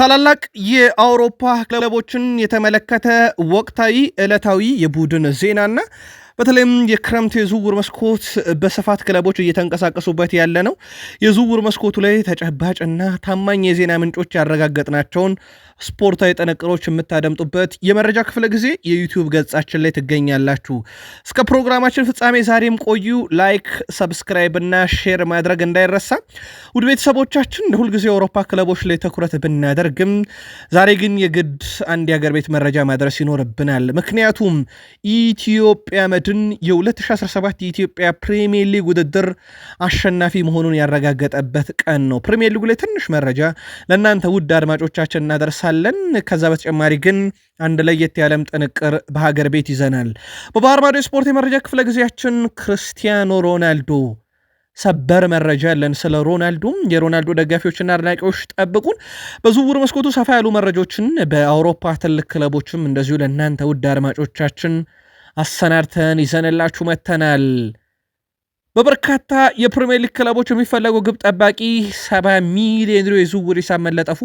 ታላላቅ የአውሮፓ ክለቦችን የተመለከተ ወቅታዊ ዕለታዊ የቡድን ዜናና በተለይም የክረምቱ የዝውውር መስኮት በስፋት ክለቦች እየተንቀሳቀሱበት ያለ ነው። የዝውውር መስኮቱ ላይ ተጨባጭና ታማኝ የዜና ምንጮች ያረጋገጥናቸውን ስፖርታዊ ጥንቅሮች የምታደምጡበት የመረጃ ክፍለ ጊዜ የዩቲዩብ ገጻችን ላይ ትገኛላችሁ። እስከ ፕሮግራማችን ፍጻሜ ዛሬም ቆዩ። ላይክ፣ ሰብስክራይብ እና ሼር ማድረግ እንዳይረሳ። ውድ ቤተሰቦቻችን እንደ ሁልጊዜ የአውሮፓ ክለቦች ላይ ትኩረት ብናደርግም ዛሬ ግን የግድ አንድ የአገር ቤት መረጃ ማድረስ ይኖርብናል። ምክንያቱም ኢትዮጵያ መድ ቡድን የ2017 የኢትዮጵያ ፕሪሚየር ሊግ ውድድር አሸናፊ መሆኑን ያረጋገጠበት ቀን ነው። ፕሪሚየር ሊጉ ላይ ትንሽ መረጃ ለእናንተ ውድ አድማጮቻችን እናደርሳለን። ከዛ በተጨማሪ ግን አንድ ለየት ያለም ጥንቅር በሀገር ቤት ይዘናል። በባህር ማዶ ስፖርት የመረጃ ክፍለ ጊዜያችን ክርስቲያኖ ሮናልዶ ሰበር መረጃ አለን። ስለ ሮናልዶም የሮናልዶ ደጋፊዎችና አድናቂዎች ጠብቁን። በዝውውር መስኮቱ ሰፋ ያሉ መረጃዎችን በአውሮፓ ትልቅ ክለቦችም እንደዚሁ ለእናንተ ውድ አድማጮቻችን አሰናድተን ይዘንላችሁ መጥተናል። በበርካታ የፕሪሚየር ሊግ ክለቦች የሚፈለገው ግብ ጠባቂ 70 ሚሊዮን ዩሮ የዝውውር ሂሳብ መለጠፉ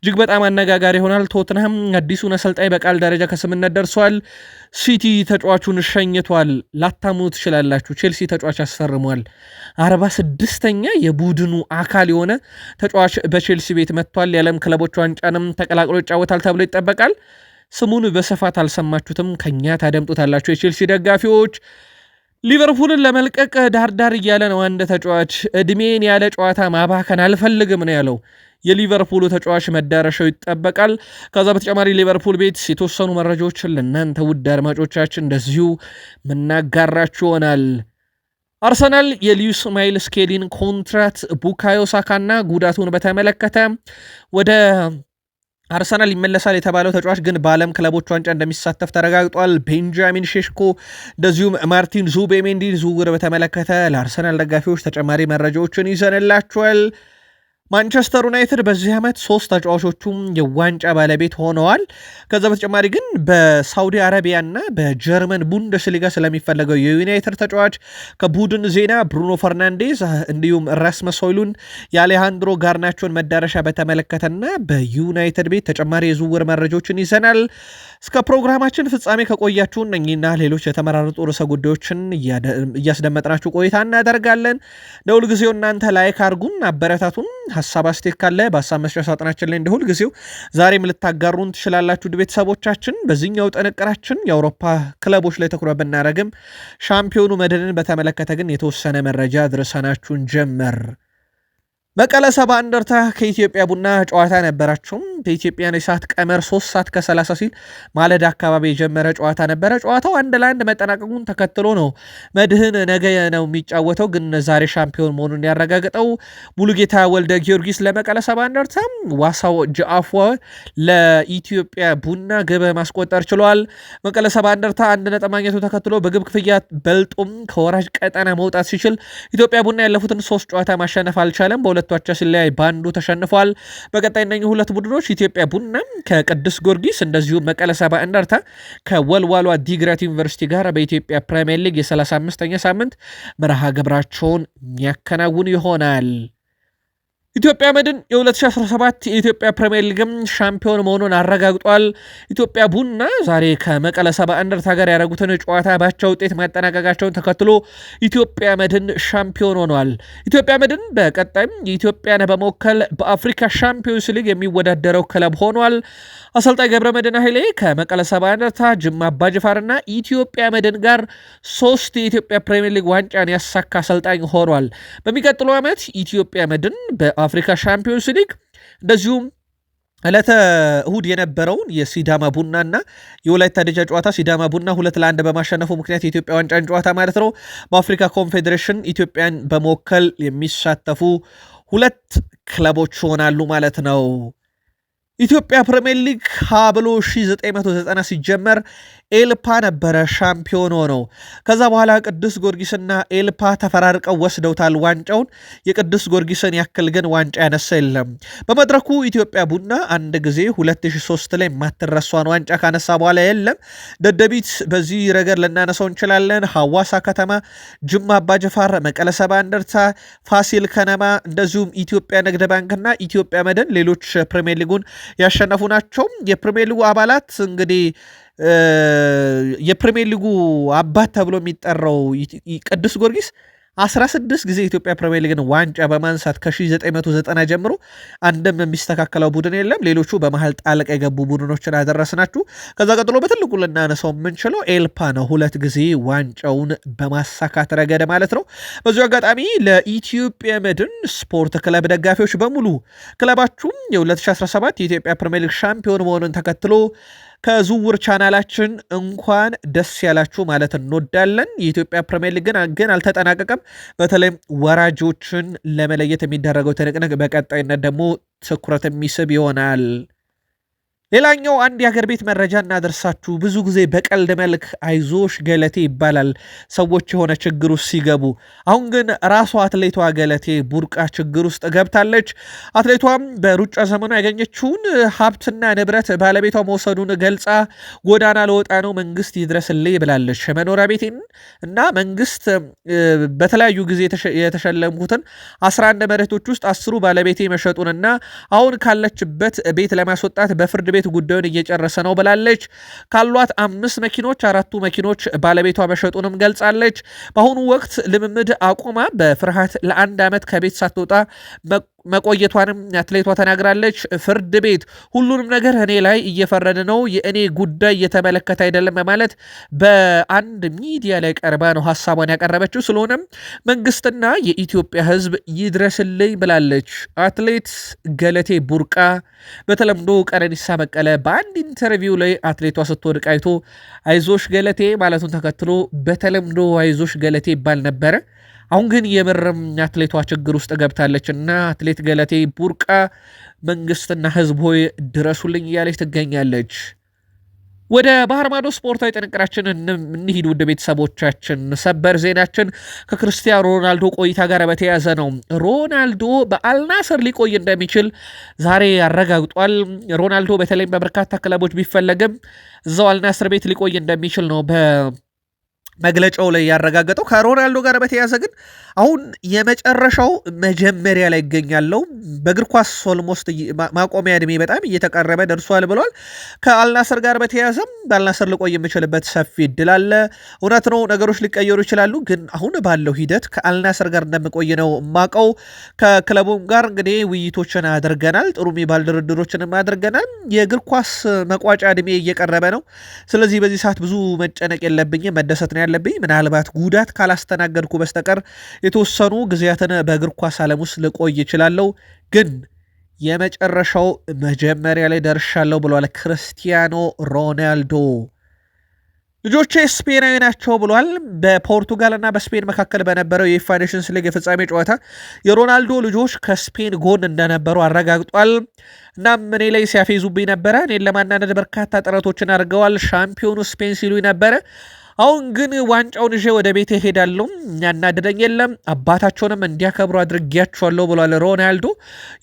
እጅግ በጣም አነጋጋሪ ይሆናል። ቶትንሃም አዲሱን አሰልጣኝ በቃል ደረጃ ከስምነት ደርሷል። ሲቲ ተጫዋቹን ሸኝቷል። ላታምኑ ትችላላችሁ፣ ቼልሲ ተጫዋች አስፈርሟል። 4ስድስተኛ የቡድኑ አካል የሆነ ተጫዋች በቼልሲ ቤት መጥቷል። የዓለም ክለቦች ዋንጫንም ተቀላቅሎ ይጫወታል ተብሎ ይጠበቃል። ስሙን በስፋት አልሰማችሁትም፣ ከኛ ታደምጡታላችሁ። የቼልሲ ደጋፊዎች ሊቨርፑልን ለመልቀቅ ዳርዳር እያለ ነው። አንድ ተጫዋች እድሜን ያለ ጨዋታ ማባከን አልፈልግም ነው ያለው። የሊቨርፑሉ ተጫዋች መዳረሻው ይጠበቃል። ከዛ በተጨማሪ ሊቨርፑል ቤት የተወሰኑ መረጃዎችን ለእናንተ ውድ አድማጮቻችን እንደዚሁ ምናጋራችሁ ይሆናል። አርሰናል የሊዩስ ማይል ስኬሊን ኮንትራት ቡካዮ ሳካና ጉዳቱን በተመለከተ ወደ አርሰናል ይመለሳል የተባለው ተጫዋች ግን በዓለም ክለቦች ዋንጫ እንደሚሳተፍ ተረጋግጧል። ቤንጃሚን ሼሽኮ እንደዚሁም ማርቲን ዙቤሜንዲን ዝውውር በተመለከተ ለአርሰናል ደጋፊዎች ተጨማሪ መረጃዎችን ይዘንላቸዋል ማንቸስተር ዩናይትድ በዚህ ዓመት ሶስት ተጫዋቾቹም የዋንጫ ባለቤት ሆነዋል። ከዛ በተጨማሪ ግን በሳውዲ አረቢያና በጀርመን ቡንደስሊጋ ስለሚፈለገው የዩናይትድ ተጫዋች ከቡድን ዜና ብሩኖ ፈርናንዴዝ እንዲሁም ራስመስ ሆይሉንድ የአሌሃንድሮ ጋርናቾን መዳረሻ በተመለከተና በዩናይትድ ቤት ተጨማሪ የዝውውር መረጃዎችን ይዘናል። እስከ ፕሮግራማችን ፍጻሜ ከቆያችሁን እኚህና ሌሎች የተመራረጡ ርዕሰ ጉዳዮችን እያስደመጥናችሁ ቆይታ እናደርጋለን። ለሁልጊዜው እናንተ ላይክ አድርጉን፣ አበረታቱን ሀሳብ አስቴት ካለ በሀሳብ መስጫ ሳጥናችን ላይ እንደሁል ጊዜው ዛሬም ልታጋሩን ትችላላችሁ። ውድ ቤተሰቦቻችን በዚህኛው ጥንቅራችን የአውሮፓ ክለቦች ላይ ትኩረት ብናደረግም ሻምፒዮኑ መድንን በተመለከተ ግን የተወሰነ መረጃ ድርሰናችሁን ጀመር። መቀለ ሰባ እንደርታ ከኢትዮጵያ ቡና ጨዋታ ነበራቸውም። በኢትዮጵያ የሰዓት ቀመር 3 ሰዓት ከ30 ሲል ማለዳ አካባቢ የጀመረ ጨዋታ ነበረ። ጨዋታው አንድ ለአንድ መጠናቀቁን ተከትሎ ነው መድህን ነገ ነው የሚጫወተው፣ ግን ዛሬ ሻምፒዮን መሆኑን ያረጋግጠው ሙሉጌታ ወልደ ጊዮርጊስ ለመቀለ ሰባ እንደርታ፣ ዋሳው ጃአፏ ለኢትዮጵያ ቡና ግብ ማስቆጠር ችሏል። መቀለ ሰባ እንደርታ አንድ ነጥብ ማግኘቱ ተከትሎ በግብ ክፍያ በልጦም ከወራጅ ቀጠና መውጣት ሲችል ኢትዮጵያ ቡና ያለፉትን ሶስት ጨዋታ ማሸነፍ አልቻለም። በሁለት በሁለቱ አቻ ሲለያይ በአንዱ ተሸንፏል። በቀጣይ እነኚህ ሁለት ቡድኖች ኢትዮጵያ ቡናም ከቅዱስ ጊዮርጊስ እንደዚሁም መቀለ ሰባ እንደርታ ከወልዋሏ ዲግራት ዩኒቨርሲቲ ጋር በኢትዮጵያ ፕሪምየር ሊግ የ35ኛ ሳምንት መርሃ ግብራቸውን የሚያከናውን ይሆናል። ኢትዮጵያ መድን የ2017 የኢትዮጵያ ፕሪምየር ሊግም ሻምፒዮን መሆኑን አረጋግጧል። ኢትዮጵያ ቡና ዛሬ ከመቀለ ሰባ እንደርታ ጋር ያደረጉትን ጨዋታ ባቻ ውጤት ማጠናቀቃቸውን ተከትሎ ኢትዮጵያ መድን ሻምፒዮን ሆኗል። ኢትዮጵያ መድን በቀጣይም የኢትዮጵያን በመወከል በአፍሪካ ሻምፒዮንስ ሊግ የሚወዳደረው ክለብ ሆኗል። አሰልጣኝ ገብረ መድን ኃይሌ ከመቀለ ሰባ እንደርታ፣ ጅማ አባጅፋርና ኢትዮጵያ መድን ጋር ሶስት የኢትዮጵያ ፕሪምየር ሊግ ዋንጫን ያሳካ አሰልጣኝ ሆኗል። በሚቀጥለው ዓመት ኢትዮጵያ መድን በአፍሪካ ሻምፒዮንስ ሊግ እንደዚሁም ዕለተ እሁድ የነበረውን የሲዳማ ቡናና የወላይታ ድቻ ጨዋታ ሲዳማ ቡና ሁለት ለአንድ በማሸነፉ ምክንያት የኢትዮጵያ ዋንጫን ጨዋታ ማለት ነው በአፍሪካ ኮንፌዴሬሽን ኢትዮጵያን በመወከል የሚሳተፉ ሁለት ክለቦች ይሆናሉ ማለት ነው። ኢትዮጵያ ፕሪምየር ሊግ ሀ ብሎ 1990 ሲጀመር ኤልፓ ነበረ ሻምፒዮን ሆነው። ከዛ በኋላ ቅዱስ ጊዮርጊስና ኤልፓ ተፈራርቀው ወስደውታል ዋንጫውን። የቅዱስ ጊዮርጊስን ያክል ግን ዋንጫ ያነሳ የለም። በመድረኩ ኢትዮጵያ ቡና አንድ ጊዜ 2003 ላይ የማትረሷን ዋንጫ ካነሳ በኋላ የለም። ደደቢት በዚህ ረገድ ልናነሳው እንችላለን። ሐዋሳ ከተማ፣ ጅማ አባጀፋር፣ መቀለ ሰባ እንደርታ፣ ፋሲል ከነማ እንደዚሁም ኢትዮጵያ ንግድ ባንክና ኢትዮጵያ መድን ሌሎች ፕሪሚየር ሊጉን ያሸነፉ ናቸው። የፕሪሚየር ሊጉ አባላት እንግዲህ የፕሪሚየር ሊጉ አባት ተብሎ የሚጠራው ቅዱስ ጊዮርጊስ 16 ጊዜ የኢትዮጵያ ፕሪሚየር ሊግን ዋንጫ በማንሳት ከ1990 ጀምሮ አንድም የሚስተካከለው ቡድን የለም። ሌሎቹ በመሀል ጣልቅ የገቡ ቡድኖችን አደረስናችሁ። ከዛ ቀጥሎ በትልቁ ልናነሳው የምንችለው ኤልፓ ነው፣ ሁለት ጊዜ ዋንጫውን በማሳካት ረገድ ማለት ነው። በዚሁ አጋጣሚ ለኢትዮጵያ መድን ስፖርት ክለብ ደጋፊዎች በሙሉ ክለባችሁም የ2017 የኢትዮጵያ ፕሪሚየር ሊግ ሻምፒዮን መሆኑን ተከትሎ ከዝውውር ቻናላችን እንኳን ደስ ያላችሁ ማለት እንወዳለን። የኢትዮጵያ ፕሪምየር ሊግ ግን አልተጠናቀቀም። በተለይም ወራጆችን ለመለየት የሚደረገው ትንቅንቅ በቀጣይነት ደግሞ ትኩረት የሚስብ ይሆናል። ሌላኛው አንድ የሀገር ቤት መረጃ እናደርሳችሁ። ብዙ ጊዜ በቀልድ መልክ አይዞሽ ገለቴ ይባላል ሰዎች የሆነ ችግር ውስጥ ሲገቡ። አሁን ግን ራሷ አትሌቷ ገለቴ ቡርቃ ችግር ውስጥ ገብታለች። አትሌቷም በሩጫ ዘመኑ ያገኘችውን ሀብትና ንብረት ባለቤቷ መውሰዱን ገልጻ ጎዳና ለወጣ ነው መንግስት ይድረስልኝ ብላለች። መኖሪያ ቤቴን እና መንግስት በተለያዩ ጊዜ የተሸለምኩትን 11 መሬቶች ውስጥ አስሩ ባለቤቴ መሸጡንና አሁን ካለችበት ቤት ለማስወጣት በፍርድ ቤት ቤት ጉዳዩን እየጨረሰ ነው ብላለች። ካሏት አምስት መኪኖች አራቱ መኪኖች ባለቤቷ መሸጡንም ገልጻለች። በአሁኑ ወቅት ልምምድ አቁማ በፍርሃት ለአንድ ዓመት ከቤት ሳትወጣ መቆየቷንም አትሌቷ ተናግራለች። ፍርድ ቤት ሁሉንም ነገር እኔ ላይ እየፈረደ ነው፣ የእኔ ጉዳይ እየተመለከተ አይደለም በማለት በአንድ ሚዲያ ላይ ቀርባ ነው ሀሳቧን ያቀረበችው። ስለሆነም መንግስትና የኢትዮጵያ ሕዝብ ይድረስልኝ ብላለች። አትሌት ገለቴ ቡርቃ በተለምዶ ቀነኒሳ በቀለ በአንድ ኢንተርቪው ላይ አትሌቷ ስትወድቅ አይቶ አይዞሽ ገለቴ ማለቱን ተከትሎ በተለምዶ አይዞሽ ገለቴ ይባል ነበረ አሁን ግን የምርም አትሌቷ ችግር ውስጥ ገብታለች እና አትሌት ገለቴ ቡርቃ መንግስትና ህዝብ ሆይ ድረሱልኝ እያለች ትገኛለች። ወደ ባህር ማዶ ስፖርታዊ ጥንቅራችን እንሂድ። ውድ ቤተሰቦቻችን ሰበር ዜናችን ከክርስቲያኖ ሮናልዶ ቆይታ ጋር በተያያዘ ነው። ሮናልዶ በአልናስር ሊቆይ እንደሚችል ዛሬ አረጋግጧል። ሮናልዶ በተለይም በበርካታ ክለቦች ቢፈለግም እዛው አልናስር ቤት ሊቆይ እንደሚችል ነው በ መግለጫው ላይ ያረጋገጠው። ከሮናልዶ ጋር በተያያዘ ግን አሁን የመጨረሻው መጀመሪያ ላይ ይገኛለው። በእግር ኳስ ኦልሞስት ማቆሚያ እድሜ በጣም እየተቀረበ ደርሷል ብሏል። ከአልናስር ጋር በተያያዘም በአልናስር ልቆይ የምችልበት ሰፊ እድል አለ። እውነት ነው፣ ነገሮች ሊቀየሩ ይችላሉ። ግን አሁን ባለው ሂደት ከአልናስር ጋር እንደምቆይ ነው ማቀው። ከክለቡም ጋር እንግዲህ ውይይቶችን አድርገናል፣ ጥሩ የሚባል ድርድሮችንም አድርገናል። የእግር ኳስ መቋጫ እድሜ እየቀረበ ነው። ስለዚህ በዚህ ሰዓት ብዙ መጨነቅ የለብኝም፣ መደሰት ነው ያለብኝ። ምናልባት ጉዳት ካላስተናገድኩ በስተቀር የተወሰኑ ጊዜያትን በእግር ኳስ ዓለም ውስጥ ልቆይ ይችላለሁ፣ ግን የመጨረሻው መጀመሪያ ላይ ደርሻለሁ ብሏል ክርስቲያኖ ሮናልዶ። ልጆቼ ስፔናዊ ናቸው ብሏል። በፖርቱጋልና በስፔን መካከል በነበረው የዩኤፋ ኔሽንስ ሊግ የፍጻሜ ጨዋታ የሮናልዶ ልጆች ከስፔን ጎን እንደነበሩ አረጋግጧል። እናም እኔ ላይ ሲያፌዙብኝ ነበረ። እኔን ለማናደድ በርካታ ጥረቶችን አድርገዋል። ሻምፒዮኑ ስፔን ሲሉ ነበረ አሁን ግን ዋንጫውን ይዤ ወደ ቤት እሄዳለሁ። ያናደደኝ የለም። አባታቸውንም እንዲያከብሩ አድርጌያቸዋለሁ ብሏል ሮናልዶ።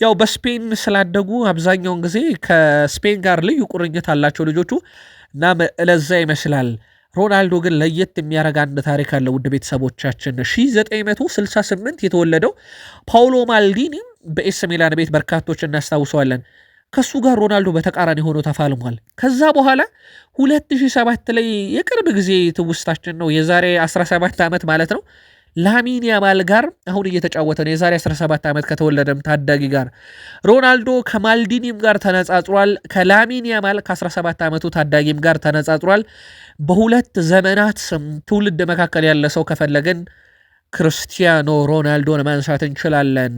ያው በስፔን ስላደጉ አብዛኛውን ጊዜ ከስፔን ጋር ልዩ ቁርኝት አላቸው ልጆቹ። እናም ለዛ ይመስላል። ሮናልዶ ግን ለየት የሚያደርግ አንድ ታሪክ አለ። ውድ ቤተሰቦቻችን 1968 የተወለደው ፓውሎ ማልዲኒ በኤስ ሚላን ቤት በርካቶች እናስታውሰዋለን። ከእሱ ጋር ሮናልዶ በተቃራኒ ሆኖ ተፋልሟል። ከዛ በኋላ 2007 ላይ የቅርብ ጊዜ ትውስታችን ነው፣ የዛሬ 17 ዓመት ማለት ነው። ላሚን ያማል ጋር አሁን እየተጫወተ ነው። የዛሬ 17 ዓመት ከተወለደም ታዳጊ ጋር ሮናልዶ ከማልዲኒም ጋር ተነጻጽሯል። ከላሚን ያማል ከ17 ዓመቱ ታዳጊም ጋር ተነጻጽሯል። በሁለት ዘመናት ትውልድ መካከል ያለ ሰው ከፈለግን ክርስቲያኖ ሮናልዶን ማንሳት እንችላለን።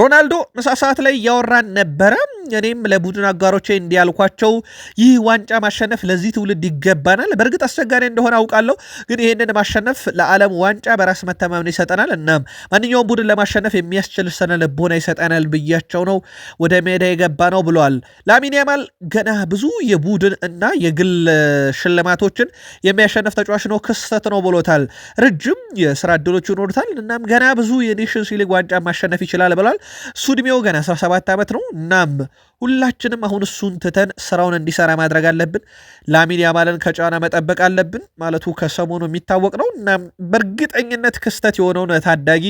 ሮናልዶ ምሳ ሰዓት ላይ እያወራን ነበረ። እኔም ለቡድን አጋሮቼ እንዲያልኳቸው ይህ ዋንጫ ማሸነፍ ለዚህ ትውልድ ይገባናል። በእርግጥ አስቸጋሪ እንደሆነ አውቃለሁ፣ ግን ይህንን ማሸነፍ ለዓለም ዋንጫ በራስ መተማመን ይሰጠናል። እና ማንኛውም ቡድን ለማሸነፍ የሚያስችል ስነ ልቦና ይሰጠናል ብያቸው ነው ወደ ሜዳ የገባ ነው ብለዋል። ላሚን ያማል ገና ብዙ የቡድን እና የግል ሽልማቶችን የሚያሸነፍ ተጫዋች ነው፣ ክስተት ነው ብሎታል። ረጅም የስራ እድሎች ይኖሩታል። እናም ገና ብዙ የኔሽንስ ሊግ ዋንጫ ማሸነፍ ይችላል ብሏል። ይችላል። እሱ እድሜው ገና 17 ዓመት ነው። እናም ሁላችንም አሁን እሱን ትተን ስራውን እንዲሰራ ማድረግ አለብን። ላሚን ያማልን ከጫና መጠበቅ አለብን ማለቱ ከሰሞኑ የሚታወቅ ነው። እናም በእርግጠኝነት ክስተት የሆነውን ታዳጊ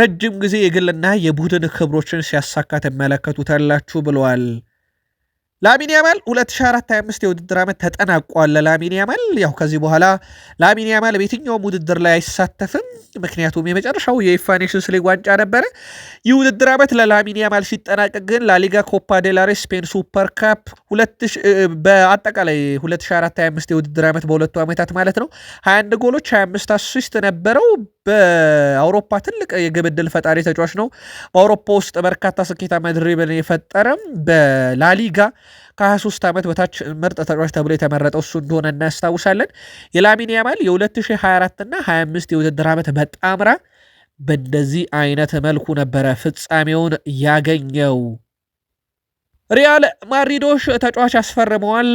ረጅም ጊዜ የግልና የቡድን ክብሮችን ሲያሳካ ትመለከቱታላችሁ ብለዋል። ላሚን ያማል 2024/25 የውድድር ዓመት ተጠናቋል። ለላሚን ያማል ያው ከዚህ በኋላ ላሚን ያማል በየትኛውም ውድድር ላይ አይሳተፍም። ምክንያቱም የመጨረሻው የኢፋ ኔሽንስ ሊግ ዋንጫ ነበረ። ይህ ውድድር ዓመት ለላሚን ያማል ሲጠናቀቅ ግን ላሊጋ፣ ኮፓ ዴላሬ፣ ስፔን ሱፐር ካፕ በአጠቃላይ 2024/25 የውድድር ዓመት በሁለቱ ዓመታት ማለት ነው 21 ጎሎች 25 አሲስት ነበረው። በአውሮፓ ትልቅ የግብ ዕድል ፈጣሪ ተጫዋች ነው። በአውሮፓ ውስጥ በርካታ ስኬታማ ድሪብል የፈጠረም በላሊጋ ከ23 ዓመት በታች ምርጥ ተጫዋች ተብሎ የተመረጠው እሱ እንደሆነ እናስታውሳለን። የላሚን ያማል የ2024 እና 25 የውድድር ዓመት በጣምራ በእንደዚህ አይነት መልኩ ነበረ ፍጻሜውን ያገኘው። ሪያል ማድሪዶች ተጫዋች አስፈርመዋል።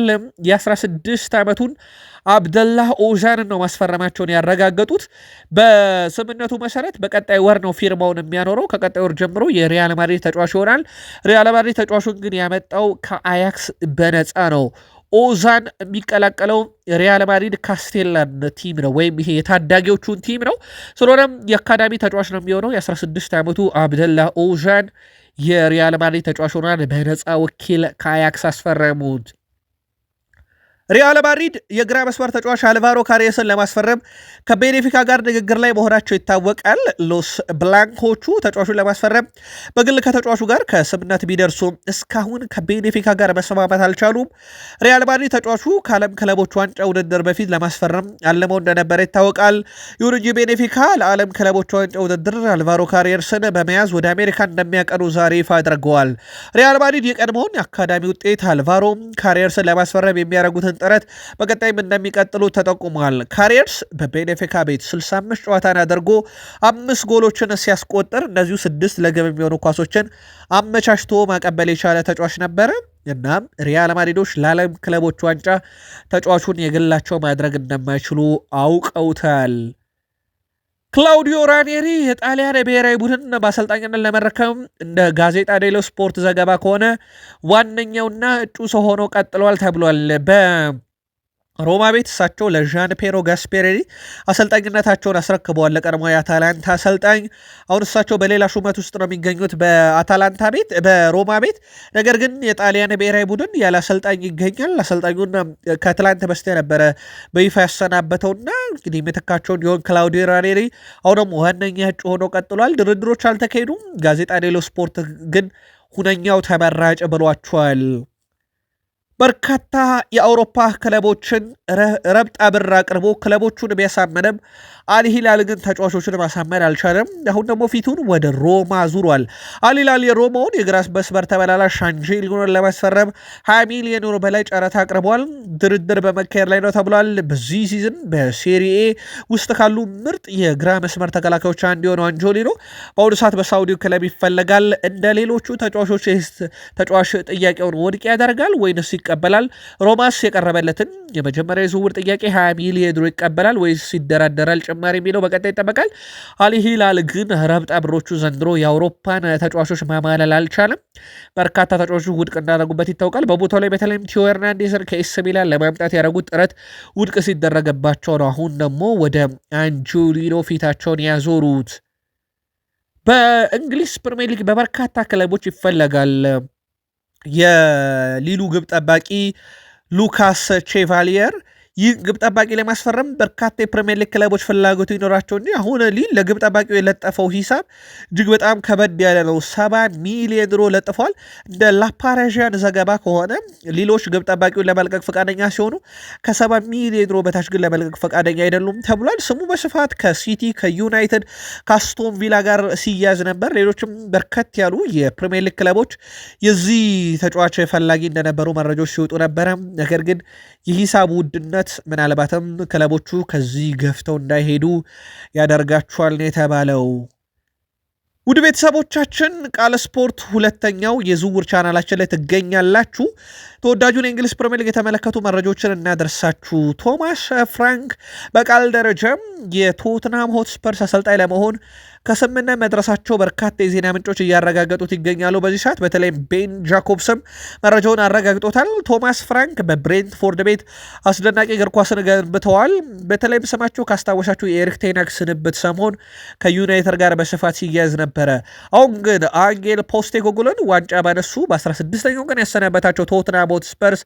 የ16 ዓመቱን አብደላህ ኦዛንን ነው ማስፈረማቸውን ያረጋገጡት። በስምነቱ መሰረት በቀጣይ ወር ነው ፊርማውን የሚያኖረው። ከቀጣይ ወር ጀምሮ የሪያል ማድሪድ ተጫዋች ይሆናል። ሪያል ማድሪድ ተጫዋቹን ግን ያመጣው ከአያክስ በነፃ ነው። ኦዛን የሚቀላቀለው ሪያል ማድሪድ ካስቴላን ቲም ነው፣ ወይም ይሄ የታዳጊዎቹን ቲም ነው። ስለሆነም የአካዳሚ ተጫዋች ነው የሚሆነው የ16 ዓመቱ አብደላ ኦዛን የሪያል ማድሪድ ተጫዋች ሆኗል። በነፃ ወኪል ከአያክስ አስፈረሙት። ሪያል ማድሪድ የግራ መስመር ተጫዋች አልቫሮ ካሬስን ለማስፈረም ከቤኔፊካ ጋር ንግግር ላይ መሆናቸው ይታወቃል። ሎስ ብላንኮቹ ተጫዋቹን ለማስፈረም በግል ከተጫዋቹ ጋር ከስምነት ቢደርሱ እስካሁን ከቤኔፊካ ጋር መስማማት አልቻሉም። ሪያል ማድሪድ ተጫዋቹ ከዓለም ክለቦች ዋንጫ ውድድር በፊት ለማስፈረም አለመው እንደነበረ ይታወቃል። ይሁን እንጂ ቤኔፊካ ለዓለም ክለቦች ዋንጫ ውድድር አልቫሮ ካሬስን በመያዝ ወደ አሜሪካ እንደሚያቀኑ ዛሬ ይፋ አድርገዋል። ሪያል ማድሪድ የቀድሞውን የአካዳሚ ውጤት አልቫሮ ካሬስን ለማስፈረም የሚያደርጉትን ጥረት በቀጣይም እንደሚቀጥሉ ተጠቁሟል። ካሪየርስ በቤኔፊካ ቤት 65 ጨዋታን አድርጎ አምስት ጎሎችን ሲያስቆጥር እነዚሁ ስድስት ለግብ የሚሆኑ ኳሶችን አመቻችቶ ማቀበል የቻለ ተጫዋች ነበረ። እናም ሪያል ማድሪዶች ለዓለም ክለቦች ዋንጫ ተጫዋቹን የግላቸው ማድረግ እንደማይችሉ አውቀውታል። ክላውዲዮ ራኔሪ የጣሊያን የብሔራዊ ቡድን በአሰልጣኝነት ለመረከብ እንደ ጋዜጣ ዴሎ ስፖርት ዘገባ ከሆነ ዋነኛውና እጩ ሰው ሆኖ ቀጥሏል ተብሏል። ሮማ ቤት እሳቸው ለዣን ፔሮ ጋስፔሬሪ አሰልጣኝነታቸውን አስረክበዋል፣ ለቀድሞ የአታላንታ አሰልጣኝ። አሁን እሳቸው በሌላ ሹመት ውስጥ ነው የሚገኙት በአታላንታ ቤት በሮማ ቤት። ነገር ግን የጣሊያን ብሔራዊ ቡድን ያለ አሰልጣኝ ይገኛል። አሰልጣኙን ከትላንት በስቲያ ነበረ በይፋ ያሰናበተውና እንግዲህ ምትካቸውን የሆን ክላውዲዮ ራኔሪ አሁንም ዋነኛ እጩ ሆኖ ቀጥሏል። ድርድሮች አልተካሄዱም። ጋዜጣ ዴሎ ስፖርት ግን ሁነኛው ተመራጭ ብሏቸዋል። በርካታ የአውሮፓ ክለቦችን ረብጣ ብር አቅርቦ ክለቦቹን ቢያሳምንም አልሂላል ግን ተጫዋቾችን ማሳመን አልቻለም። አሁን ደግሞ ፊቱን ወደ ሮማ ዙሯል። አልሂላል የሮማውን የግራ መስመር ተመላላሽ ሻንቼሊኖን ለማስፈረም 20 ሚሊዮን ዩሮ በላይ ጨረታ አቅርቧል። ድርድር በመካሄድ ላይ ነው ተብሏል። በዚህ ሲዝን በሴሪኤ ውስጥ ካሉ ምርጥ የግራ መስመር ተከላካዮች አንዱ የሆነው አንጆሊኖ በአሁኑ ሰዓት በሳውዲው ክለብ ይፈለጋል። እንደ ሌሎቹ ተጫዋቾች ተጫዋች ጥያቄውን ወድቅ ያደርጋል ወይንስ ይቀበላል? ሮማስ የቀረበለትን የመጀመሪያ የዝውውር ጥያቄ 20 ሚሊዮን ዩሮ ይቀበላል ወይስ ይደራደራል? ተጨማሪ የሚለው በቀጣይ ይጠበቃል። አልሂላል ግን ረብጣ ብሮቹ ዘንድሮ የአውሮፓን ተጫዋቾች ማማለል አልቻለም። በርካታ ተጫዋቾች ውድቅ እንዳደረጉበት ይታወቃል። በቦታው ላይ በተለይም ቲዮ ኤርናንዴስን ከኤስ ሚላን ለማምጣት ያደረጉት ጥረት ውድቅ ሲደረገባቸው ነው። አሁን ደግሞ ወደ አንጁሊኖ ፊታቸውን ያዞሩት። በእንግሊዝ ፕሪሚየር ሊግ በበርካታ ክለቦች ይፈለጋል። የሊሉ ግብ ጠባቂ ሉካስ ቼቫሊየር ይህ ግብ ጠባቂ ለማስፈረም በርካታ የፕሪሚየር ሊግ ክለቦች ፍላጎቱ ይኖራቸው እንጂ አሁን ሊል ለግብ ጠባቂው የለጠፈው ሂሳብ እጅግ በጣም ከበድ ያለ ነው። ሰባ ሚሊዮን ዩሮ ለጥፏል። እንደ ላፓሬዥያን ዘገባ ከሆነ ሌሎች ግብ ጠባቂውን ለመልቀቅ ፈቃደኛ ሲሆኑ ከሰባ ሚሊዮን ዩሮ በታች ግን ለመልቀቅ ፈቃደኛ አይደሉም ተብሏል። ስሙ በስፋት ከሲቲ ከዩናይትድ፣ ከአስቶን ቪላ ጋር ሲያዝ ነበር። ሌሎችም በርከት ያሉ የፕሪሚየር ሊግ ክለቦች የዚህ ተጫዋች ፈላጊ እንደነበሩ መረጃዎች ሲወጡ ነበረ። ነገር ግን የሂሳብ ውድነት ሂደት ምናልባትም ክለቦቹ ከዚህ ገፍተው እንዳይሄዱ ያደርጋቸዋል ነው የተባለው። ውድ ቤተሰቦቻችን ቃል ስፖርት ሁለተኛው የዝውውር ቻናላችን ላይ ትገኛላችሁ። ተወዳጁን የእንግሊዝ ፕሪሚየር ሊግ የተመለከቱ መረጃዎችን እናደርሳችሁ። ቶማስ ፍራንክ በቃል ደረጃም የቶትናም ሆትስፐርስ አሰልጣኝ ለመሆን ከስምምነት መድረሳቸው በርካታ የዜና ምንጮች እያረጋገጡት ይገኛሉ። በዚህ ሰዓት በተለይም ቤን ጃኮብስም መረጃውን አረጋግጦታል። ቶማስ ፍራንክ በብሬንትፎርድ ቤት አስደናቂ እግር ኳስን ገንብተዋል። በተለይም ስማቸው ካስታወሻቸው የኤሪክ ቴናክ ስንብት ሰሞን ከዩናይትድ ጋር በስፋት ሲያያዝ ነበረ። አሁን ግን አንጌል ፖስቴኮግሉን ዋንጫ ባነሱ በ16ኛው ቀን ያሰናበታቸው ቶትናም ሆትስፐርስ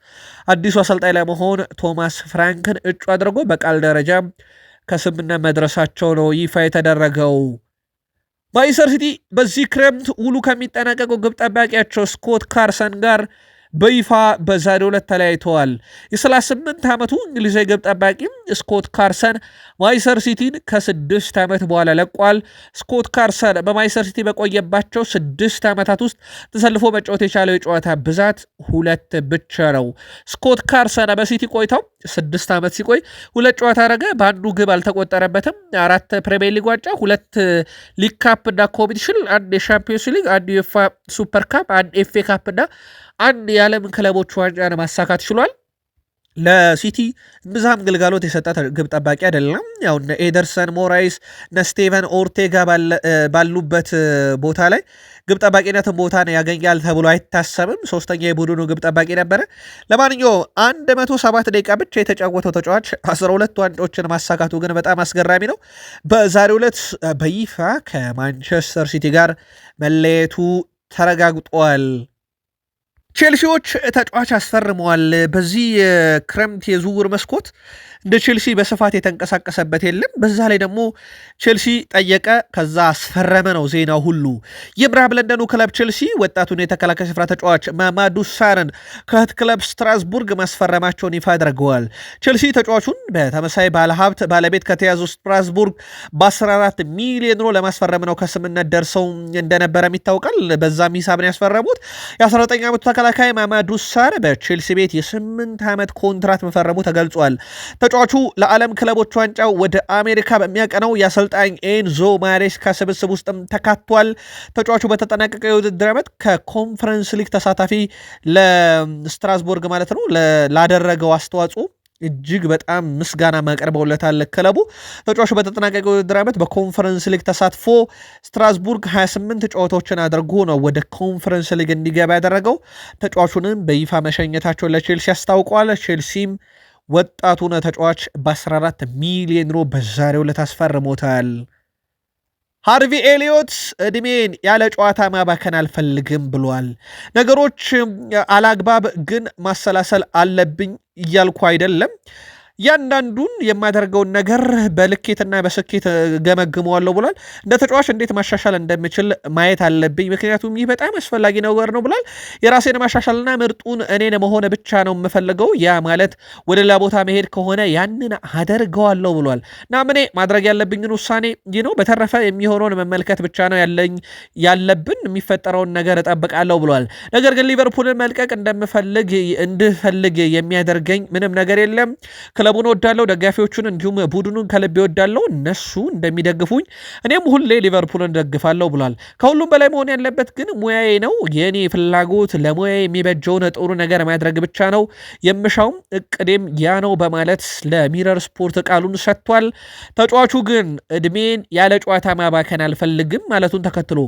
አዲሱ አሰልጣኝ ለመሆን ቶማስ ፍራንክን እጩ አድርጎ በቃል ደረጃ ከስምምነት መድረሳቸው ነው ይፋ የተደረገው። ማንቸስተር ሲቲ በዚህ ክረምት ውሉ ከሚጠናቀቀው ግብ ጠባቂያቸው ስኮት ካርሰን ጋር በይፋ በዛሬው ዕለት ተለያይተዋል። የ38 ዓመቱ እንግሊዛዊ ግብ ጠባቂ ስኮት ካርሰን ማንቸስተር ሲቲን ከስድስት ዓመት በኋላ ለቋል። ስኮት ካርሰን በማንቸስተር ሲቲ በቆየባቸው ስድስት ዓመታት ውስጥ ተሰልፎ መጫወት የቻለው የጨዋታ ብዛት ሁለት ብቻ ነው። ስኮት ካርሰን በሲቲ ቆይተው ስድስት ዓመት ሲቆይ ሁለት ጨዋታ አረገ። በአንዱ ግብ አልተቆጠረበትም። አራት ፕሪሚየር ሊግ ዋንጫ፣ ሁለት ሊግ ካፕ እና ኮምፒቲሽን፣ አንድ የሻምፒዮንስ ሊግ፣ አንድ ዩፋ ሱፐር ካፕ፣ አንድ ኤፍኤ ካፕ እና አንድ የዓለም ክለቦች ዋንጫን ማሳካት ችሏል። ለሲቲ ብዛም ግልጋሎት የሰጠ ግብ ጠባቂ አይደለም። ያው እነ ኤደርሰን ሞራይስ እነ ስቴቨን ኦርቴጋ ባሉበት ቦታ ላይ ግብ ጠባቂነትን ቦታን ያገኛል ተብሎ አይታሰብም። ሶስተኛ የቡድኑ ግብ ጠባቂ ነበረ። ለማንኛውም 107 ደቂቃ ብቻ የተጫወተው ተጫዋች 12 ዋንጫዎችን ማሳካቱ ግን በጣም አስገራሚ ነው። በዛሬው ዕለት በይፋ ከማንቸስተር ሲቲ ጋር መለየቱ ተረጋግጧል። ቼልሲዎች ተጫዋች አስፈርመዋል። በዚህ የክረምት የዝውውር መስኮት እንደ ቼልሲ በስፋት የተንቀሳቀሰበት የለም። በዛ ላይ ደግሞ ቼልሲ ጠየቀ፣ ከዛ አስፈረመ ነው ዜናው ሁሉ። የምዕራብ ለንደኑ ክለብ ቼልሲ ወጣቱን የተከላካይ ስፍራ ተጫዋች ማማዱ ሳርን ከህት ክለብ ስትራስቡርግ ማስፈረማቸውን ይፋ አድርገዋል። ቼልሲ ተጫዋቹን በተመሳይ ባለሀብት ባለቤት ከተያዙ ስትራስቡርግ በ14 ሚሊዮን ሮ ለማስፈረም ነው ከስምነት ደርሰው እንደነበረም ይታወቃል። በዛም ሂሳብ ነው ያስፈረሙት። የ19 ዓመቱ ተከላካይ ማማዱ ሳር በቼልሲ ቤት የ8 ዓመት ኮንትራት መፈረሙ ተገልጿል። ተጫዋቹ ለዓለም ክለቦች ዋንጫው ወደ አሜሪካ በሚያቀነው የአሰልጣኝ ኤንዞ ማሬስካ ስብስብ ውስጥም ተካቷል። ተጫዋቹ በተጠናቀቀ የውድድር ዓመት ከኮንፈረንስ ሊግ ተሳታፊ ለስትራስቦርግ ማለት ነው ላደረገው አስተዋጽኦ እጅግ በጣም ምስጋና ማቅርበውለታል ክለቡ። ተጫዋቹ በተጠናቀቀ ውድድር ዓመት በኮንፈረንስ ሊግ ተሳትፎ ስትራስቡርግ 28 ጨዋታዎችን አድርጎ ነው ወደ ኮንፈረንስ ሊግ እንዲገባ ያደረገው። ተጫዋቹንም በይፋ መሸኘታቸውን ለቼልሲ አስታውቋል። ቼልሲም ወጣቱ ተጫዋች በ14 ሚሊዮን ዩሮ በዛሬው ዕለት አስፈርሞታል። ሃርቪ ኤሊዮት እድሜን ያለ ጨዋታ ማባከን አልፈልግም ብሏል። ነገሮች አላግባብ ግን ማሰላሰል አለብኝ እያልኩ አይደለም እያንዳንዱን የማደርገውን ነገር በልኬትና በስኬት ገመግመዋለሁ ብሏል። እንደ ተጫዋች እንዴት ማሻሻል እንደምችል ማየት አለብኝ፣ ምክንያቱም ይህ በጣም አስፈላጊ ነገር ነው ብሏል። የራሴን ማሻሻልና ምርጡን እኔን መሆን ብቻ ነው የምፈልገው። ያ ማለት ወደ ሌላ ቦታ መሄድ ከሆነ ያንን አደርገዋለሁ ብሏል። እናም እኔ ማድረግ ያለብኝን ውሳኔ ይህ ነው። በተረፈ የሚሆነውን መመልከት ብቻ ነው ያለኝ ያለብን። የሚፈጠረውን ነገር እጠብቃለሁ ብሏል። ነገር ግን ሊቨርፑልን መልቀቅ እንደምፈልግ እንድፈልግ የሚያደርገኝ ምንም ነገር የለም ክለቡን ወዳለው፣ ደጋፊዎቹን እንዲሁም ቡድኑን ከልብ ወዳለው፣ እነሱ እንደሚደግፉኝ እኔም ሁሌ ሊቨርፑልን ደግፋለሁ ብሏል። ከሁሉም በላይ መሆን ያለበት ግን ሙያዬ ነው። የእኔ ፍላጎት ለሙያ የሚበጀውን ጥሩ ነገር ማድረግ ብቻ ነው የምሻውም እቅዴም ያ ነው በማለት ለሚረር ስፖርት ቃሉን ሰጥቷል። ተጫዋቹ ግን እድሜን ያለ ጨዋታ ማባከን አልፈልግም ማለቱን ተከትሎ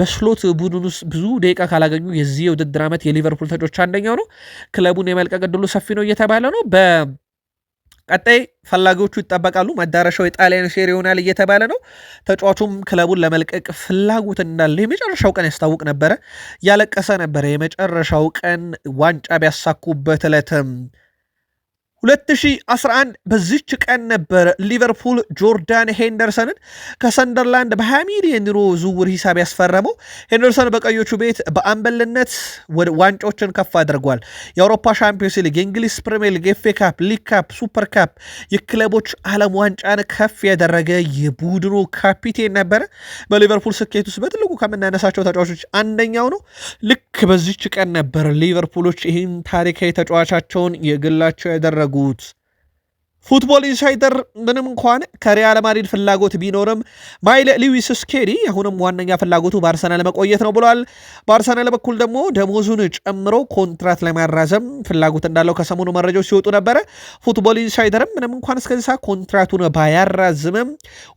በስሎት ቡድን ውስጥ ብዙ ደቂቃ ካላገኙ የዚህ የውድድር ዓመት የሊቨርፑል ተጫዋቾች አንደኛው ነው። ክለቡን የመልቀቅ ዕድሉ ሰፊ ነው እየተባለ ነው በ ቀጣይ ፈላጊዎቹ ይጠበቃሉ። መዳረሻው የጣሊያን ሴሪ ይሆናል እየተባለ ነው። ተጫዋቹም ክለቡን ለመልቀቅ ፍላጎት እንዳለ የመጨረሻው ቀን ያስታውቅ ነበረ። ያለቀሰ ነበረ የመጨረሻው ቀን ዋንጫ ቢያሳኩበት ዕለትም 2011 በዚች ቀን ነበር ሊቨርፑል ጆርዳን ሄንደርሰንን ከሰንደርላንድ በ20 ሚሊዮን ዩሮ ዝውውር ሂሳብ ያስፈረመው። ሄንደርሰን በቀዮቹ ቤት በአምበልነት ዋንጫዎችን ከፍ አድርጓል። የአውሮፓ ሻምፒዮንስ ሊግ፣ የእንግሊዝ ፕሪሚየር ሊግ፣ ኤፍ ኤ ካፕ፣ ሊግ ካፕ፣ ሱፐር ካፕ፣ የክለቦች ዓለም ዋንጫን ከፍ ያደረገ የቡድኑ ካፒቴን ነበረ። በሊቨርፑል ስኬት ውስጥ በትልቁ ከምናነሳቸው ተጫዋቾች አንደኛው ነው። ልክ በዚች ቀን ነበር ሊቨርፑሎች ይህን ታሪካዊ ተጫዋቻቸውን የግላቸው ያደረጉ কাগজ ፉትቦል ኢንሳይደር ምንም እንኳን ከሪያል ማድሪድ ፍላጎት ቢኖርም ማይል ሊዊስ ስኬሊ አሁንም ዋነኛ ፍላጎቱ በአርሰናል መቆየት ነው ብሏል። በአርሰናል በኩል ደግሞ ደሞዙን ጨምሮ ኮንትራት ለማራዘም ፍላጎት እንዳለው ከሰሞኑ መረጃዎች ሲወጡ ነበረ። ፉትቦል ኢንሳይደርም ምንም እንኳን እስከዚሳ ኮንትራቱን ባያራዝምም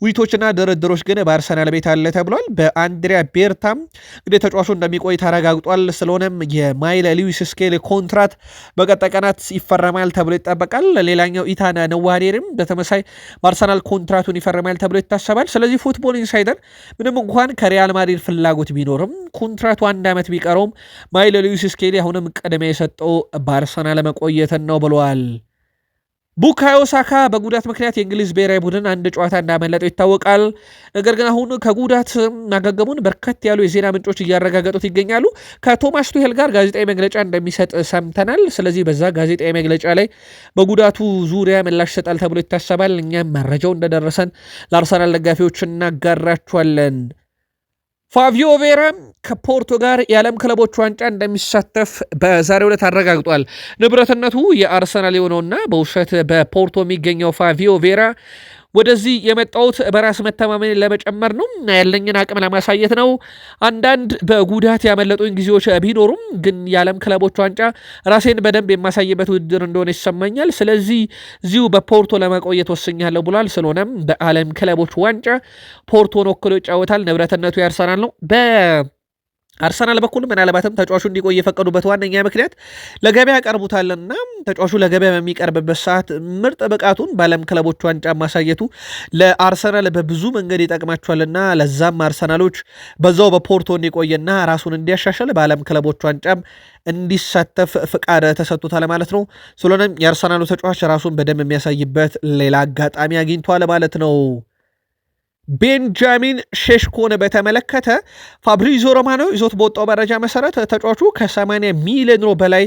ውይይቶችና ድርድሮች ግን በአርሰናል ቤት አለ ተብሏል። በአንድሪያ ቤርታም እንግዲህ ተጫዋቹ እንደሚቆይ ተረጋግጧል። ስለሆነም የማይል ሊዊስ ስኬሊ ኮንትራት በቀጣይ ቀናት ይፈረማል ተብሎ ይጠበቃል። ሌላኛው ኢታና ነው ዋኔርም በተመሳይ በአርሰናል ኮንትራቱን ይፈርማል ተብሎ ይታሰባል። ስለዚህ ፉትቦል ኢንሳይደር ምንም እንኳን ከሪያል ማድሪድ ፍላጎት ቢኖርም ኮንትራቱ አንድ ዓመት ቢቀረውም ማይለሉዊስ ስኬሊ አሁንም ቅድሚያ የሰጠው በአርሰናል መቆየትን ነው ብለዋል። ቡካዮ ሳካ በጉዳት ምክንያት የእንግሊዝ ብሔራዊ ቡድን አንድ ጨዋታ እንዳመለጠው ይታወቃል። ነገር ግን አሁን ከጉዳት ማገገሙን በርከት ያሉ የዜና ምንጮች እያረጋገጡት ይገኛሉ። ከቶማስ ቱሄል ጋር ጋዜጣዊ መግለጫ እንደሚሰጥ ሰምተናል። ስለዚህ በዛ ጋዜጣዊ መግለጫ ላይ በጉዳቱ ዙሪያ ምላሽ ይሰጣል ተብሎ ይታሰባል። እኛም መረጃው እንደደረሰን ለአርሰናል ደጋፊዎች እናጋራችኋለን። ፋቪዮ ቬራ ከፖርቶ ጋር የዓለም ክለቦች ዋንጫ እንደሚሳተፍ በዛሬው ዕለት አረጋግጧል። ንብረትነቱ የአርሰናል የሆነውና በውሰት በፖርቶ የሚገኘው ፋቪዮ ቬራ ወደዚህ የመጣሁት በራስ መተማመን ለመጨመር ነው፣ ያለኝን አቅም ለማሳየት ነው። አንዳንድ በጉዳት ያመለጡኝ ጊዜዎች ቢኖሩም ግን የዓለም ክለቦች ዋንጫ ራሴን በደንብ የማሳይበት ውድድር እንደሆነ ይሰማኛል። ስለዚህ እዚሁ በፖርቶ ለመቆየት ወስኛለሁ ብሏል። ስለሆነም በዓለም ክለቦች ዋንጫ ፖርቶን ወክሎ ይጫወታል። ንብረትነቱ ያርሰናል ነው። አርሰናል በኩል ምናልባትም ተጫዋቹ እንዲቆይ የፈቀዱበት ዋነኛ ምክንያት ለገበያ ቀርቡታልና ተጫዋቹ ለገበያ በሚቀርብበት ሰዓት ምርጥ ብቃቱን በዓለም ክለቦች ዋንጫ ማሳየቱ ለአርሰናል በብዙ መንገድ ይጠቅማቸዋልና ለዛም አርሰናሎች በዛው በፖርቶ እንዲቆይና ራሱን እንዲያሻሽል በዓለም ክለቦች ዋንጫም እንዲሳተፍ ፍቃድ ተሰጥቶታል ማለት ነው። ስለሆነም የአርሰናሉ ተጫዋች ራሱን በደንብ የሚያሳይበት ሌላ አጋጣሚ አግኝቷል ማለት ነው። ቤንጃሚን ሼሽኮን በተመለከተ ፋብሪዞ ሮማኖ ይዞት በወጣው መረጃ መሰረት ተጫዋቹ ከ80 ሚሊዮን ዩሮ በላይ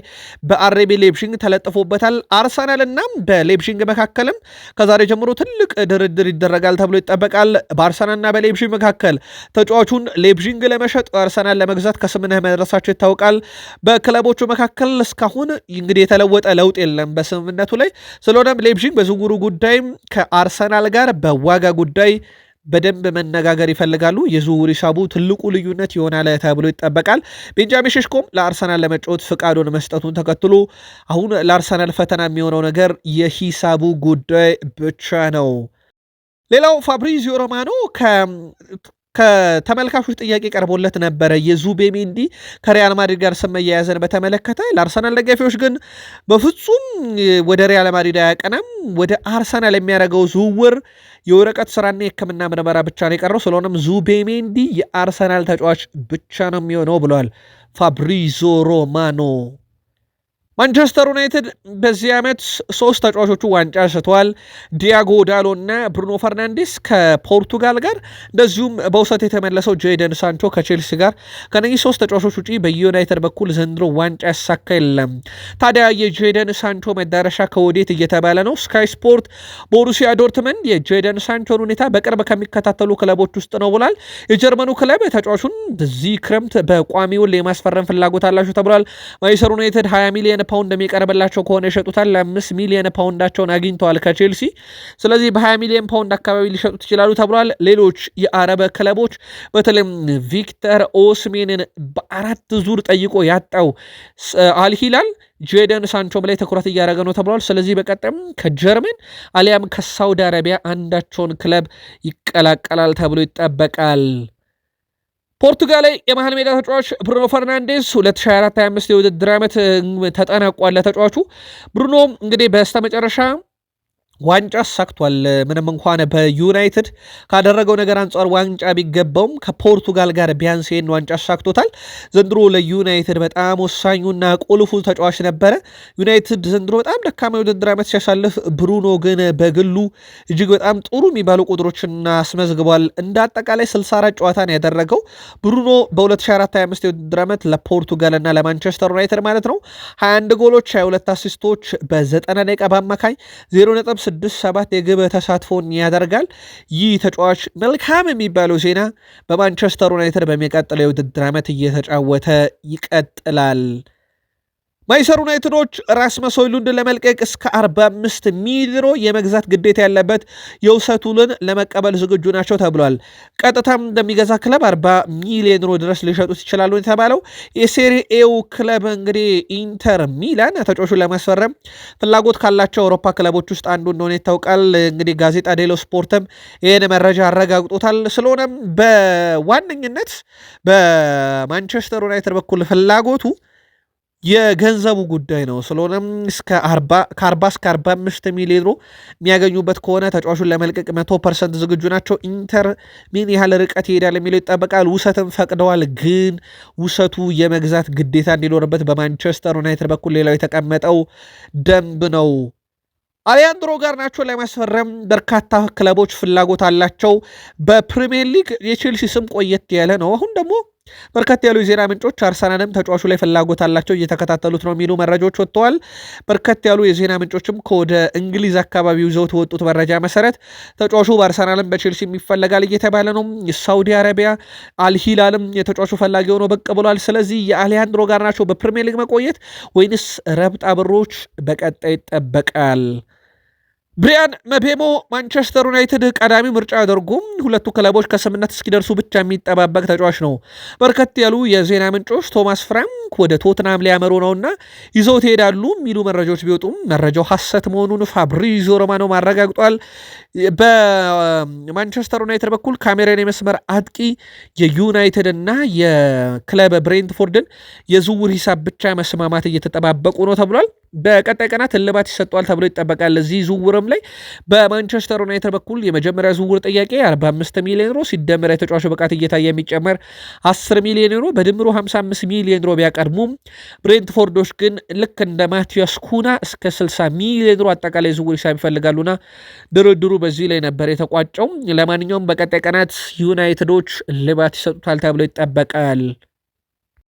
በአሬቤ ሌብዥንግ ተለጥፎበታል። አርሰናል እናም በሌብዥንግ መካከልም ከዛሬ ጀምሮ ትልቅ ድርድር ይደረጋል ተብሎ ይጠበቃል። በአርሰናልና በሌብዥንግ መካከል ተጫዋቹን ሌብዥንግ ለመሸጥ አርሰናል ለመግዛት ከስምምነት መድረሳቸው ይታወቃል። በክለቦቹ መካከል እስካሁን እንግዲህ የተለወጠ ለውጥ የለም በስምምነቱ ላይ። ስለሆነም ሌብዥንግ በዝውውሩ ጉዳይም ከአርሰናል ጋር በዋጋ ጉዳይ በደንብ መነጋገር ይፈልጋሉ። የዝውውር ሂሳቡ ትልቁ ልዩነት ይሆናል ተብሎ ይጠበቃል። ቤንጃሚን ሼሽኮም ለአርሰናል ለመጫወት ፍቃዱን መስጠቱን ተከትሎ አሁን ለአርሰናል ፈተና የሚሆነው ነገር የሂሳቡ ጉዳይ ብቻ ነው። ሌላው ፋብሪዚዮ ሮማኖ ከተመልካቾች ጥያቄ ቀርቦለት ነበረ የዙቤሜንዲ ከሪያል ማድሪድ ጋር ስም መያያዝን በተመለከተ። ለአርሰናል ደጋፊዎች ግን በፍጹም ወደ ሪያል ማድሪድ አያቀናም፣ ወደ አርሰናል የሚያደርገው ዝውውር የወረቀት ስራና የሕክምና ምርመራ ብቻ ነው የቀረው፣ ስለሆነም ዙቤሜንዲ የአርሰናል ተጫዋች ብቻ ነው የሚሆነው ብለዋል ፋብሪዞ ሮማኖ። ማንቸስተር ዩናይትድ በዚህ ዓመት ሶስት ተጫዋቾቹ ዋንጫ ስተዋል። ዲያጎ ዳሎ እና ብሩኖ ፈርናንዴስ ከፖርቱጋል ጋር እንደዚሁም በውሰት የተመለሰው ጄደን ሳንቾ ከቼልሲ ጋር። ከነዚህ ሶስት ተጫዋቾች ውጪ በዩናይትድ በኩል ዘንድሮ ዋንጫ ያሳካ የለም። ታዲያ የጄደን ሳንቾ መዳረሻ ከወዴት እየተባለ ነው። ስካይ ስፖርት ቦሩሲያ ዶርትመንድ የጄደን ሳንቾን ሁኔታ በቅርብ ከሚከታተሉ ክለቦች ውስጥ ነው ብሏል። የጀርመኑ ክለብ ተጫዋቹን በዚህ ክረምት በቋሚውን የማስፈረም ፍላጎት አላቸው ተብሏል። ማንቸስተር ዩናይትድ 20 ሚሊዮን ፓውንድ የሚቀርብላቸው ከሆነ ይሸጡታል። ለአምስት ሚሊየን ፓውንዳቸውን አግኝተዋል ከቼልሲ። ስለዚህ በ20 ሚሊየን ፓውንድ አካባቢ ሊሸጡት ይችላሉ ተብሏል። ሌሎች የአረበ ክለቦች በተለይም ቪክተር ኦስሜንን በአራት ዙር ጠይቆ ያጣው አልሂላል ጄደን ሳንቾም ላይ ትኩረት እያደረገ ነው ተብሏል። ስለዚህ በቀጥም ከጀርመን አሊያም ከሳውዲ አረቢያ አንዳቸውን ክለብ ይቀላቀላል ተብሎ ይጠበቃል። ፖርቱጋላዊ የመሃል ሜዳ ተጫዋች ብሩኖ ፈርናንዴስ 2024/25 የውድድር ዓመት ተጠናቋል ለተጫዋቹ ብሩኖም እንግዲህ በስተመጨረሻ ዋንጫ አሳክቷል። ምንም እንኳን በዩናይትድ ካደረገው ነገር አንጻር ዋንጫ ቢገባውም ከፖርቱጋል ጋር ቢያንስ ይህን ዋንጫ አሳክቶታል። ዘንድሮ ለዩናይትድ በጣም ወሳኙና ቁልፉ ተጫዋች ነበረ። ዩናይትድ ዘንድሮ በጣም ደካማ የውድድር ዓመት ሲያሳልፍ፣ ብሩኖ ግን በግሉ እጅግ በጣም ጥሩ የሚባሉ ቁጥሮችና አስመዝግቧል። እንደ አጠቃላይ 64 ጨዋታ ነው ያደረገው ብሩኖ በ2024/25 የውድድር ዓመት ለፖርቱጋልና ለማንቸስተር ዩናይትድ ማለት ነው 21 ጎሎች፣ 22 አሲስቶች በ90 ደቂቃ በአማካኝ 0 ስድስት ሰባት የግብ ተሳትፎን ያደርጋል። ይህ ተጫዋች መልካም የሚባለው ዜና በማንቸስተር ዩናይትድ በሚቀጥለው የውድድር ዓመት እየተጫወተ ይቀጥላል። ማይሰር ዩናይትዶች ራስመስ ሆይሉንድ ለመልቀቅ እስከ 45 ሚሊዮን ዩሮ የመግዛት ግዴታ ያለበት የውሰት ውልን ለመቀበል ዝግጁ ናቸው ተብሏል። ቀጥታም እንደሚገዛ ክለብ 40 ሚሊዮን ዩሮ ድረስ ሊሸጡት ይችላሉ የተባለው የሴሪኤው ክለብ እንግዲህ ኢንተር ሚላን ተጫዋቹን ለማስፈረም ፍላጎት ካላቸው አውሮፓ ክለቦች ውስጥ አንዱ እንደሆነ ይታወቃል። እንግዲህ ጋዜጣ ዴሎ ስፖርትም ይህን መረጃ አረጋግጦታል። ስለሆነም በዋነኝነት በማንቸስተር ዩናይትድ በኩል ፍላጎቱ የገንዘቡ ጉዳይ ነው። ስለሆነም 4 እስከ 45 ሚሊዮን ዩሮ የሚያገኙበት ከሆነ ተጫዋቹን ለመልቀቅ መቶ ፐርሰንት ዝግጁ ናቸው። ኢንተር ምን ያህል ርቀት ይሄዳል የሚለው ይጠበቃል። ውሰትም ፈቅደዋል፣ ግን ውሰቱ የመግዛት ግዴታ እንዲኖርበት በማንቸስተር ዩናይትድ በኩል ሌላው የተቀመጠው ደንብ ነው። አሊያንድሮ ጋርናቾን ለማስፈረም በርካታ ክለቦች ፍላጎት አላቸው። በፕሪሚየር ሊግ የቼልሲ ስም ቆየት ያለ ነው። አሁን ደግሞ በርከት ያሉ የዜና ምንጮች አርሰናልም ተጫዋቹ ላይ ፍላጎት አላቸው እየተከታተሉት ነው የሚሉ መረጃዎች ወጥተዋል። በርከት ያሉ የዜና ምንጮችም ከወደ እንግሊዝ አካባቢ ይዘው ወጡት መረጃ መሰረት ተጫዋቹ በአርሰናልም በቼልሲም ይፈለጋል እየተባለ ነው። የሳውዲ አረቢያ አልሂላልም የተጫዋቹ ፈላጊ ሆኖ ብቅ ብሏል። ስለዚህ ጋር ናቸው በፕሪሚየር ሊግ መቆየት ወይንስ ረብጣ ብሮች በቀጣይ ይጠበቃል። ብሪያን መቤሞ ማንቸስተር ዩናይትድ ቀዳሚ ምርጫ አድርጎም ሁለቱ ክለቦች ከስምነት እስኪደርሱ ብቻ የሚጠባበቅ ተጫዋች ነው። በርከት ያሉ የዜና ምንጮች ቶማስ ፍራንክ ወደ ቶትናም ሊያመሩ ነውና ይዘው ይሄዳሉ የሚሉ መረጃዎች ቢወጡም መረጃው ሐሰት መሆኑን ፋብሪዞ ሮማኖ ማረጋግጧል። በማንቸስተር ዩናይትድ በኩል ካሜራን የመስመር አጥቂ የዩናይትድ የክለብ ብሬንትፎርድን የዝውውር ሂሳብ ብቻ መስማማት እየተጠባበቁ ነው ተብሏል። በቀጣይ ቀናት እልባት ይሰጠዋል ተብሎ ይጠበቃል። እዚህ ዝውውርም ላይ በማንቸስተር ዩናይትድ በኩል የመጀመሪያ ዝውውር ጥያቄ 45 ሚሊዮን ዩሮ ሲደመር የተጫዋቹ ብቃት እየታየ የሚጨመር 10 ሚሊዮን ዩሮ በድምሩ 55 ሚሊዮን ዩሮ ቢያቀድሙም ብሬንትፎርዶች ግን ልክ እንደ ማቲያስ ኩና እስከ 60 ሚሊዮን ዩሮ አጠቃላይ ዝውውር ሂሳብ ይፈልጋሉና ድርድሩ በዚህ ላይ ነበር የተቋጨው። ለማንኛውም በቀጣይ ቀናት ዩናይትዶች እልባት ይሰጡታል ተብሎ ይጠበቃል።